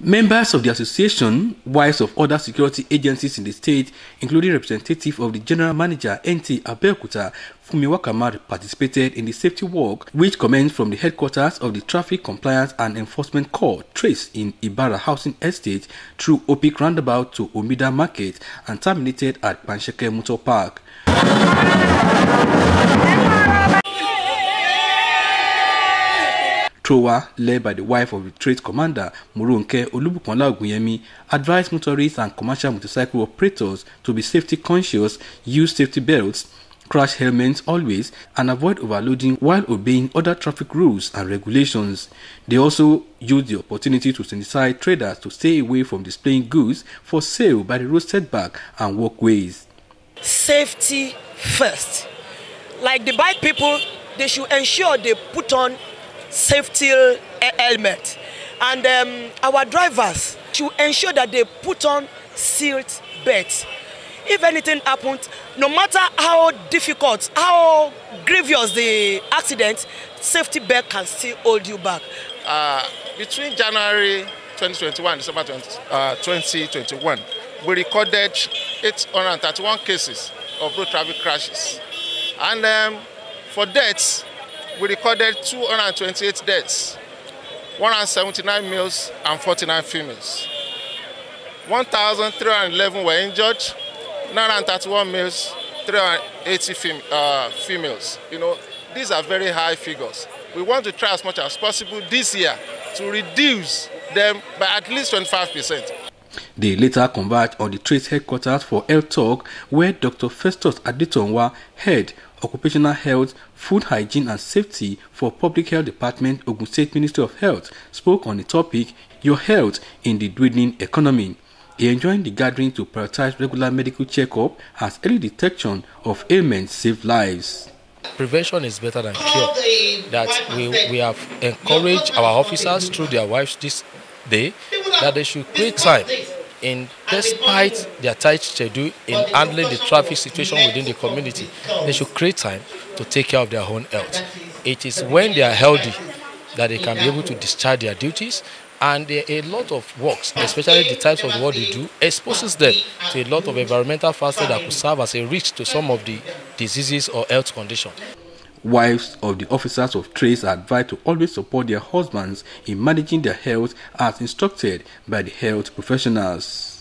Members of the association, wives of other security agencies in the state, including representative of the general manager NT Abeokuta, Fumi Wakamari, participated in the safety walk, which commenced from the headquarters of the Traffic Compliance and Enforcement Corps, Trace, in Ibarra Housing Estate, through Opik Roundabout to Omida Market, and terminated at Pansheke Motor Park. TROWA, led by the wife of the trade commander Murunke Olubukanla Ogunyemi, advised motorists and commercial motorcycle operators to be safety conscious, use safety belts, crash helmets always, and avoid overloading while obeying other traffic rules and regulations. They also used the opportunity to sensitize traders to stay away from displaying goods for sale by the road setback and walkways. Safety first. Like the bike people, they should ensure they put on safety helmet. And um, our drivers should ensure that they put on sealed belts. If anything happens, no matter how difficult, how grievous the accident, safety belt can still hold you back. Uh, between January 2021 and December 20, uh, 2021, we recorded 831 cases of road traffic crashes. And um, for deaths, we recorded 228 deaths, 179 males and 49 females. 1,311 were injured, 931 males, 380 fem uh, females. You know, these are very high figures. We want to try as much as possible this year to reduce them by at least 25 percent. They later converged on the trade headquarters for Health Talk, where Dr. Festus Aditonwa, head Occupational Health, Food Hygiene and Safety for Public Health Department, Ogun State Ministry of Health, spoke on the topic Your Health in the Dwindling Economy. He enjoined the gathering to prioritize regular medical checkup as early detection of ailments save lives. Prevention is better than cure. That we, we have encouraged our officers through their wives this day that they should create time in despite their tight schedule in handling the traffic situation within the community, they should create time to take care of their own health. It is when they are healthy that they can be able to discharge their duties and a lot of works, especially the types of work they do, exposes them to a lot of environmental factors that could serve as a risk to some of the diseases or health conditions. Wives of the officers of trace are advised to always support their husbands in managing their health as instructed by the health professionals.